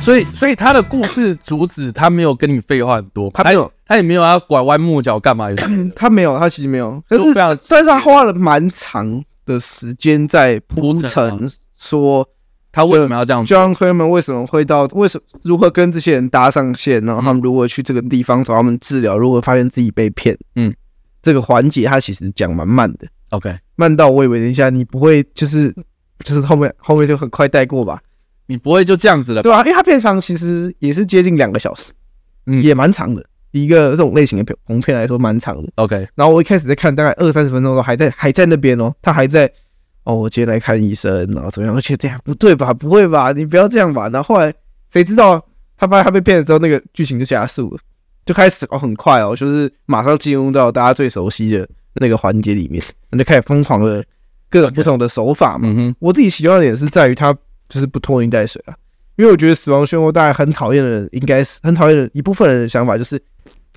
所以，所以他的故事主旨，他沒有跟你廢話很多，他沒有，他也沒有要拐彎抹角幹嘛？他沒有，他其實沒有。可是非常但是，雖然他花了蠻長的時間在鋪陳，說他為什麼要這樣做，John c r 們為什麼會到，為什麼如何跟這些人搭上線，然後他們如何去這個地方找他們治療，如何發現自己被騙，嗯，這個環節他其實講蠻慢的。OK，嗯、慢到我以為等一下你不會就是就是後面後面就很快帶過吧。你不會就這樣子了，對吧，啊？因為它片長其實也是接近兩個小時，嗯，也蠻長的。一個這種類型的片，紅片來說蠻長的。OK，然後我一開始在看，大概二三十分鐘都還在，還在那邊哦，他還在哦。我今天來看醫生，然後怎麼樣？我覺得對呀不對吧？不會吧？你不要這樣吧？然後後來誰知道他發現他被騙了之後，那個劇情就加速了，就開始哦，很快哦，就是馬上進入到大家最熟悉的那個環節裡面，那就開始瘋狂的各種不同的手法嘛。Okay 我自己喜歡的點是在於它。就是不拖泥帶水了，啊，因為我覺得死亡漩渦大家很討厭的人應，應該是很討厭的一部分人的想法就是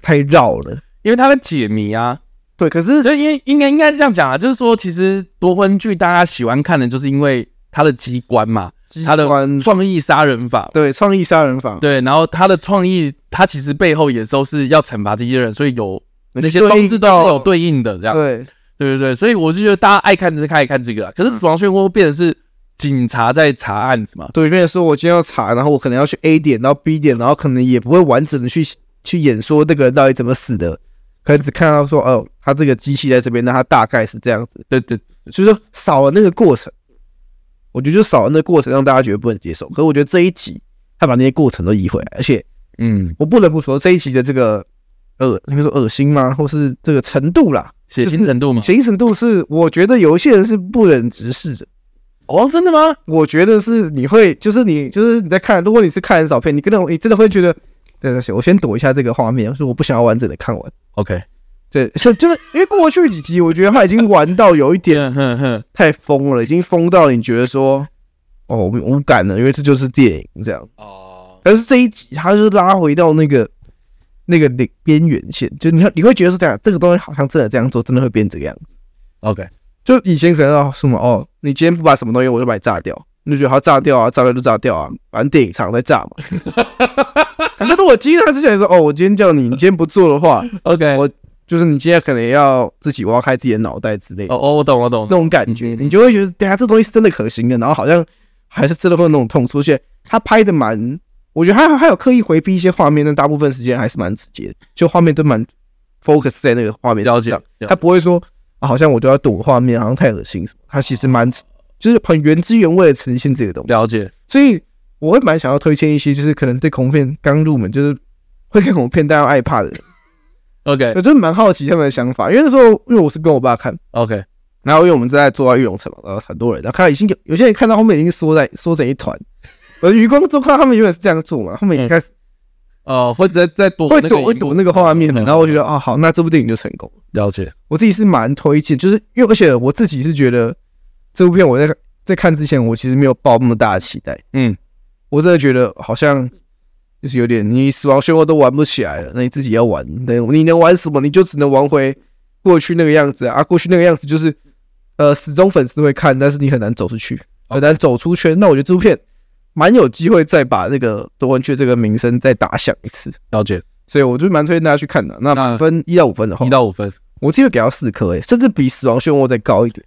太繞了，因為他的解謎啊，對，可是所以因為應該應該是這樣講啊，就是說其實奪魂鋸大家喜歡看的，就是因為他的機關嘛，關他的關創意殺人法，對，創意殺人法，對，然後他的創意，他其實背後也都是要懲罰這些人，所以有那些裝置都有對應的這樣子對，對，對對對，所以我就覺得大家愛看這看一看這個，啊，可是死亡漩渦變得是。嗯警察在查案子嘛？對，因為說我今天要查，然後我可能要去 A 點到 B 點，然後可能也不會完整的去去演說那個人到底怎麼死的，可能只看到說哦，他這個機器在這邊，那他大概是這樣子。對，對對，所以說少了那個過程，我覺得就是少了那個過程，讓大家覺得不能接受。可是我覺得這一集他把那些過程都移回來，而且，嗯，我不得不說這一集的這個呃，你說惡心嗎？或是這個程度啦？血腥程度嗎？血腥程度是，我覺得有一些人是不忍直視的。哦，oh, 真的嗎？我覺得是你會，就是你，就是你在看。如果你是看很少片，你可能你真的會覺得，對不起，我先躲一下這個畫面，說我不想要完整的看完。OK，對，是就是因為過去幾集，我覺得他已經玩到有一點太瘋了，已經瘋到你覺得說，哦，我無感了，因為這就是電影這樣。哦，但是這一集他就是拉回到那個那個邊邊緣線，就你你會覺得是這樣，這個東西好像真的這樣做，真的會變這個樣子。OK，就以前可能啊什麼哦。你今天不把什麼東西，我就把你炸掉。你就覺得要炸掉啊，炸掉就炸掉啊，反正電影廠在炸嘛。但是如果今天他是想說，哦，我今天叫你，你今天不做的話，OK，我就是你今天可能要自己挖開自己的腦袋之類。哦哦，我懂我懂那種感覺，你就會覺得，等下這東西是真的可行的，然後好像還是真的會有那種痛出現。他拍的蠻，我覺得他還有刻意回避一些畫面，但大部分時間還是蠻直接，就畫面都蠻 focus 在那個畫面。他不會說。啊、好像我都要躲畫面，好像太噁心什麼。它其實蠻，就是很原汁原味的呈現這個東西。了解，所以我會蠻想要推薦一些，就是可能對恐怖片剛入門，就是會看恐怖片但要害怕的人。OK，我就是蠻好奇他們的想法，因為那時候因為我是跟我爸看，OK，然後因為我們正在坐到御龍城嘛，然後很多人，然後看到已經有有些人看到後面已經縮在縮成一團，我餘光中看到他們原本是這樣做嘛，後面也開始。嗯呃，會再再躲，會躲會躲那個畫面的。然後我覺得啊，好，那這部電影就成功了。了解，我自己是蠻推薦，就是因為而且我自己是覺得，這部片我在在看之前，我其實沒有抱那麼大的期待。嗯，我真的覺得好像就是有點，你死亡漩渦都玩不起來了，嗯、那你自己要玩，對，你能玩什麼？你就只能玩回過去那個樣子啊，啊。過去那個樣子就是，呃，始終粉絲都會看，但是你很難走出去，很難走出圈。哦、那我覺得這部片蠻有機會再把這個奪魂鋸這個名聲再打響一次，了解。所以我就蠻推薦大家去看的。那滿分一到五分的話，一到五分，我其實給到四顆誒，甚至比死亡漩渦再高一點。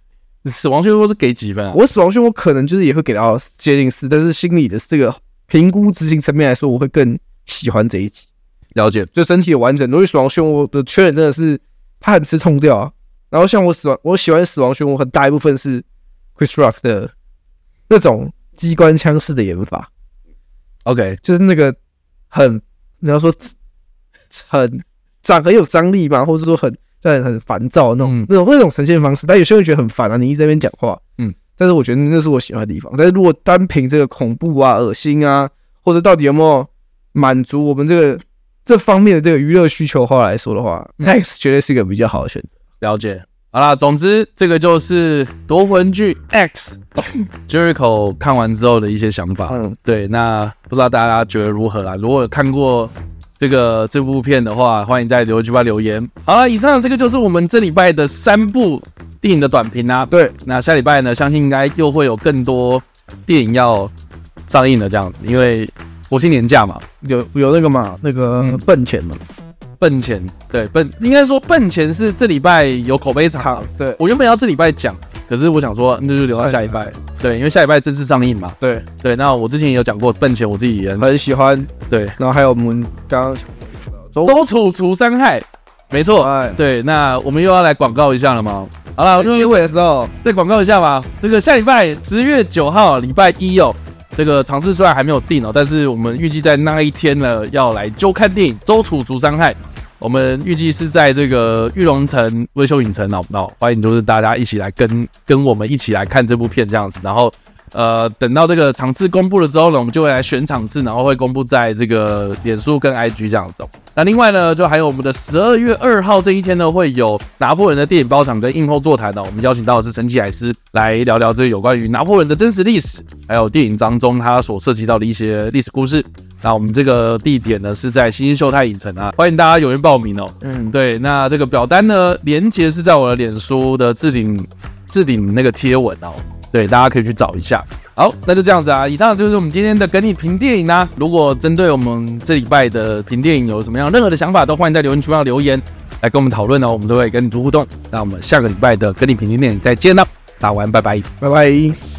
死亡漩渦是給幾分啊？我死亡漩渦可能就是也會給到接近四，但是心理的這個評估執行層面來說，我會更喜歡這一集。了解。就身體的完整，因為死亡漩渦的缺點真的是它很吃痛掉啊。然後像我死亡我喜歡死亡漩渦很大一部分是 Chris Rock 的那種。機關槍式的演法，OK，就是那個很你要說很長很有張力吧，或者說很就很很煩躁那種、嗯、那種那種呈現方式，但有些人覺得很煩啊，你一直在那邊講話，嗯，但是我覺得那是我喜歡的地方。但是如果單憑這個恐怖啊、噁心啊，或者到底有沒有滿足我們這個這方面的這個娛樂需求的話來說的話、嗯、，X 絕對是一個比較好的選擇。了解。好啦，總之這個就是《奪魂鋸 X [LAUGHS] 》j e r i c h o 看完之後的一些想法。嗯，對，那不知道大家覺得如何啦？如果有看過這個這部片的話，歡迎在留言區留言。好啦，以上這個就是我們這禮拜的三部電影的短評啦。對，那下禮拜呢，相信應該又會有更多電影要上映的這樣子，因為國慶年假嘛，有有那個嘛，那個奔錢嘛，奔、嗯、錢。對，笨應該說笨錢是這禮拜有口碑場。對，我原本要這禮拜講，可是我想說那就留到下禮拜。難對，因為下禮拜正式上映嘛。對對，那我之前也有講過笨錢，我自己也很喜歡。對，然後還有我們剛剛想講的周，周處除三害，沒錯。欸、對，那我們又要來廣告一下了嗎？好了，結尾的時候再廣告一下吧。這個下禮拜十月九號禮拜一哦，這個場次雖然還沒有定哦，但是我們預計在那一天呢要來就看電影《周處除三害》。我們預計是在這個玉龍城微秀影城，那那歡迎就是大家一起來跟跟我們一起來看這部片這樣子。然後，呃，等到這個場次公布了之後呢，我們就會來選場次，然後會公布在這個臉書跟 IG 這樣子，哦。那另外呢，就還有我們的十二月二號這一天呢，會有拿破崙的電影包場跟映後座談呢。我們邀請到的是神奇海獅，來聊聊這有關於拿破崙的真實歷史，還有電影當中他所涉及到的一些歷史故事。那、啊、我們這個地點呢，是在新興秀泰影城啊，歡迎大家踴躍報名哦。嗯，對，那這個表單呢，連結是在我的臉書的置頂置頂那個貼文哦。對，大家可以去找一下。好，那就這樣子啊，以上就是我們今天的梗你評電影啊。如果針對我們這禮拜的評電影有什麼樣任何的想法，都歡迎在留言區上留言來跟我們討論哦，我們都會跟你做互動。那我們下個禮拜的梗你評電影再見了，打完拜拜，拜拜。拜拜。